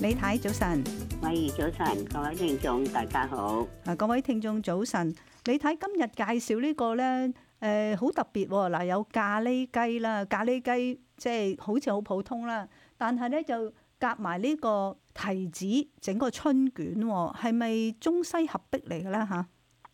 李太早晨，威早晨，各位聽眾大家好。啊，各位聽眾早晨。李太今日介紹呢、呢個呢，誒、呃、好特別喎。嗱，有咖喱雞啦，咖喱雞即係好似好普通啦，但係呢，就夾埋呢個提子整個春卷，哦，係咪中西合璧嚟嘅呢？嚇？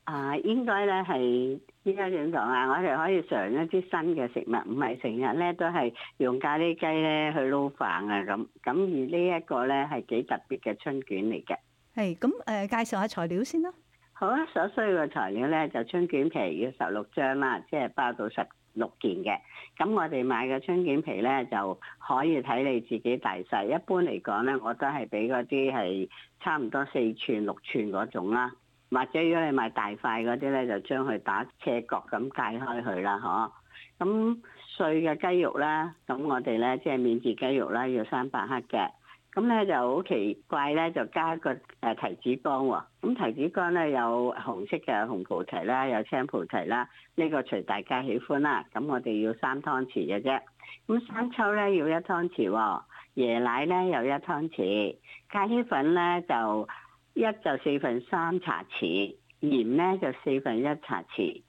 啊，應該咧係。依家點講啊？我哋可以嘗一啲新嘅食物，唔係成日咧都係用咖喱雞咧去撈飯啊咁。咁而呢一個咧係幾特別嘅春卷嚟嘅。係，咁誒、呃、介紹下材料先啦。好啊，所需要嘅材料咧就春卷皮要十六張啦，即係包到十六件嘅。咁我哋買嘅春卷皮咧就可以睇你自己大細。一般嚟講咧，我都係俾嗰啲係差唔多四寸六寸嗰種啦。或者如果你買大塊嗰啲咧，就將佢打斜角咁解開佢啦，嗬。咁碎嘅雞肉咧，咁我哋咧即係免治雞肉咧，要三百克嘅。咁咧就好奇怪咧，就加一個誒提子乾喎。咁提子乾咧有紅色嘅紅葡萄啦，有青葡萄啦。呢個隨大家喜歡啦。咁我哋要三湯匙嘅啫。咁生抽咧要一湯匙，椰奶咧有一湯匙，咖喱粉咧就。一就四分三茶匙，鹽咧就四分一茶匙，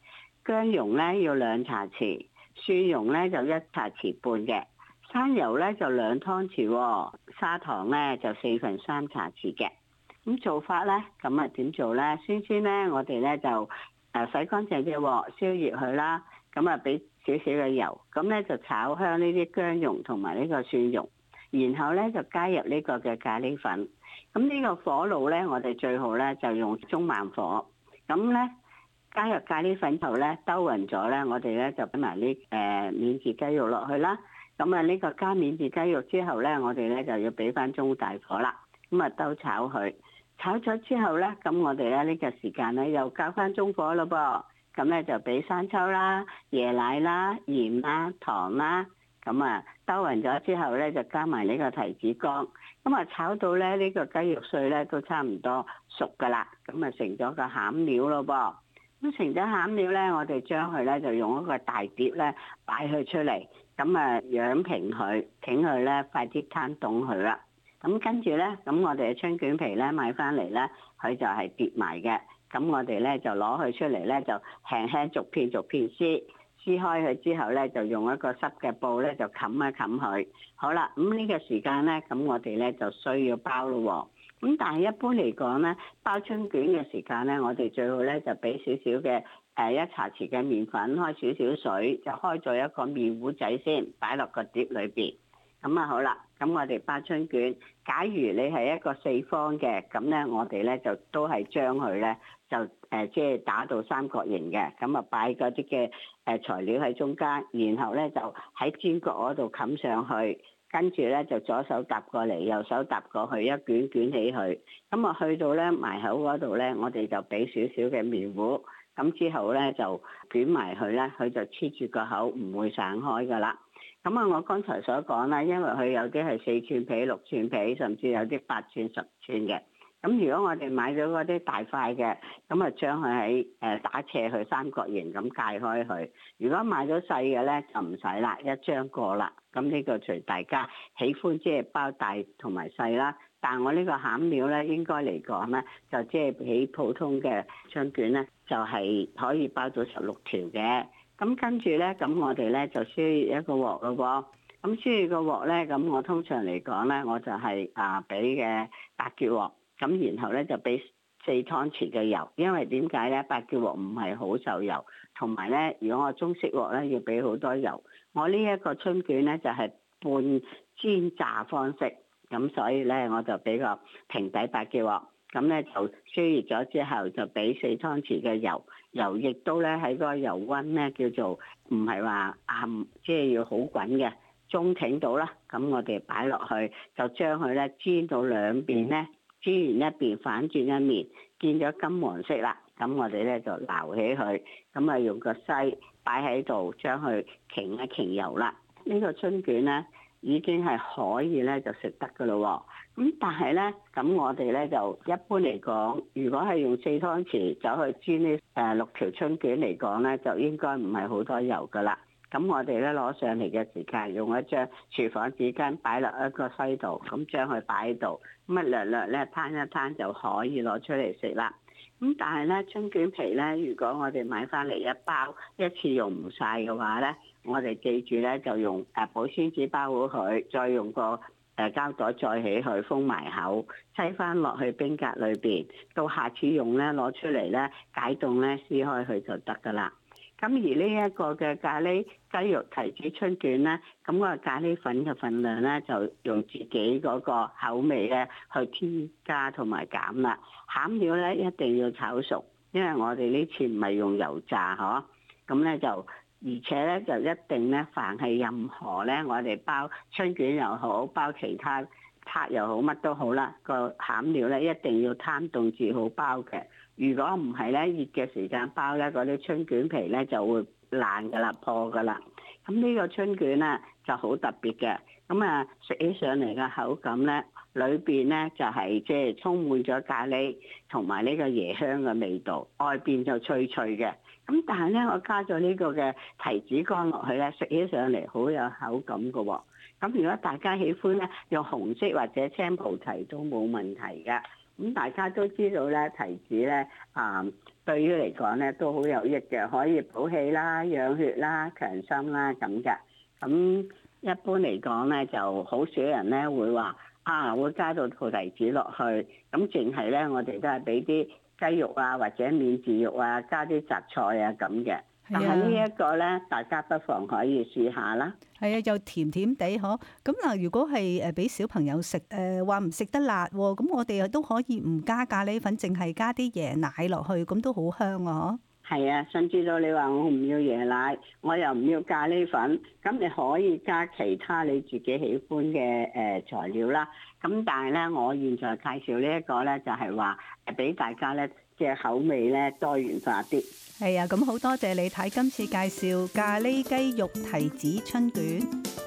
薑蓉咧要兩茶匙，蒜蓉咧就一茶匙半嘅，生油咧就兩湯匙，哦，砂糖咧就四分三茶匙嘅。咁做法咧，咁啊點做咧？先先咧，我哋咧就誒洗乾淨嘅鑊，燒熱佢啦。咁啊俾少少嘅油，咁咧就炒香呢啲薑蓉同埋呢個蒜蓉，然後咧就加入呢個嘅咖喱粉。咁呢個火爐咧，我哋最好咧就用中慢火。咁咧加入咖喱粉後咧，兜匀咗咧，我哋咧就俾埋啲誒免治雞肉落去啦。咁啊呢個加免治雞肉之後咧，我哋咧就要俾翻中大火啦。咁啊兜炒佢，炒咗之後咧，咁我哋咧呢、呢個時間咧又交翻中火咯噃。咁咧就俾生抽啦、椰奶啦、鹽啦、糖啦。咁啊，兜匀咗之後咧，就加埋呢個提子乾。咁啊，炒到咧呢個雞肉碎咧都差唔多熟噶啦。咁啊，成咗個餡料咯噃。咁成咗餡料咧，我哋將佢咧就用一個大碟咧擺佢出嚟。咁啊，養平佢，整佢咧快啲攤凍佢啦。咁跟住咧，咁我哋嘅春卷皮咧買翻嚟咧，佢就係疊埋嘅。咁我哋咧就攞佢出嚟咧，就輕輕逐片逐片撕。撕開佢之後咧，就用一個濕嘅布咧，就冚一冚佢。好啦，咁呢個時間咧，咁我哋咧就需要包咯喎。咁但係一般嚟講咧，包春卷嘅時間咧，我哋最好咧就俾少少嘅誒一茶匙嘅麵粉，開少少水，就開咗一個麵糊仔先，擺落個碟裏邊。咁、嗯、啊好啦，咁我哋包春卷。假如你係一個四方嘅，咁咧我哋咧就都係將佢咧。就誒，即係打到三角形嘅，咁啊擺嗰啲嘅誒材料喺中間，然後咧就喺尖角嗰度冚上去，跟住咧就左手搭過嚟，右手搭過去，一卷捲起佢，咁啊去到咧埋口嗰度咧，我哋就俾少少嘅麵糊，咁之後咧就捲埋佢咧，佢就黐住個口，唔會散開噶啦。咁啊，我剛才所講啦，因為佢有啲係四寸皮、六寸皮，甚至有啲八寸、十寸嘅。咁如果我哋買咗嗰啲大塊嘅，咁啊將佢喺誒打斜去三角形咁界開佢。如果買咗細嘅咧，就唔使啦，一張過啦。咁呢個隨大家喜歡，即係包大同埋細啦。但係我呢個餡料咧，應該嚟講咧，就即係比普通嘅張卷咧，就係可以包到十六條嘅。咁跟住咧，咁我哋咧就需要一個鑊咯喎。咁需要個鑊咧，咁我通常嚟講咧，我就係啊俾嘅八結鑊。咁然後咧就俾四湯匙嘅油，因為點解咧？八叫鑊唔係好受油，同埋咧，如果我中式鑊咧要俾好多油。我呢一個春卷咧就係半煎炸方式，咁所以咧我就俾個平底八叫鑊。咁咧就燒熱咗之後，就俾四湯匙嘅油，油亦都咧喺嗰個油溫咧叫做唔係話硬，即係、就是、要好滾嘅中挺到啦。咁我哋擺落去就將佢咧煎到兩邊咧。煎完一邊反轉一面，見咗金黃色啦，咁我哋咧就撈起佢，咁啊用個篩擺喺度，將佢擎一擎油啦，呢個春卷咧已經係可以咧就食得噶咯喎，咁但係咧咁我哋咧就一般嚟講，如果係用四湯匙走去煎呢誒六條春捲嚟講咧，就應該唔係好多油噶啦。咁我哋咧攞上嚟嘅時間，用一張廚房紙巾擺落一個篩度，咁將佢擺喺度，咁一略略咧攤一攤就可以攞出嚟食啦。咁但係咧春卷皮咧，如果我哋買翻嚟一包一次用唔晒嘅話咧，我哋記住咧就用誒保鮮紙包好佢，再用個誒膠袋再起佢封埋口，擠翻落去冰格裏邊，到下次用咧攞出嚟咧解凍咧撕開佢就得㗎啦。咁而呢一個嘅咖喱雞肉提子春卷咧，咁個咖喱粉嘅份量咧就用自己嗰個口味咧去添加同埋減啦。餡料咧一定要炒熟，因為我哋呢次唔係用油炸嗬，咁咧就而且咧就一定咧，凡係任何咧，我哋包春卷又好包其他，拆又好，乜都好啦。個餡料咧一定要攤凍至好包嘅。如果唔係咧，熱嘅時間包咧，嗰啲春卷皮咧就會爛噶啦，破噶啦。咁呢個春卷咧就好特別嘅。咁啊，食起上嚟嘅口感咧，裏邊咧就係即係充滿咗咖喱同埋呢個椰香嘅味道，外邊就脆脆嘅。咁但係咧，我加咗呢個嘅提子乾落去咧，食起上嚟好有口感㗎喎。咁如果大家喜歡咧，用紅色或者青提都冇問題㗎。咁大家都知道咧，提子咧，啊，對於嚟講咧都好有益嘅，可以補氣啦、養血啦、強心啦咁嘅。咁一般嚟講咧，就好少人咧會話啊，會加到菩提子落去。咁淨係咧，我哋都係俾啲雞肉啊，或者免治肉啊，加啲雜菜啊咁嘅。但係呢一個咧，大家不妨可以試下啦。係啊，又甜甜地嗬，咁嗱，如果係誒俾小朋友食，誒話唔食得辣喎，咁我哋都可以唔加咖喱粉，淨係加啲椰奶落去，咁都好香啊！嗬。係啊，甚至到你話我唔要椰奶，我又唔要咖喱粉，咁你可以加其他你自己喜歡嘅誒材料啦。咁但係咧，我現在介紹呢一個咧，就係話俾大家咧。嘅口味咧多元化啲，係啊、哎！咁好多謝你睇今次介紹咖喱雞肉提子春卷。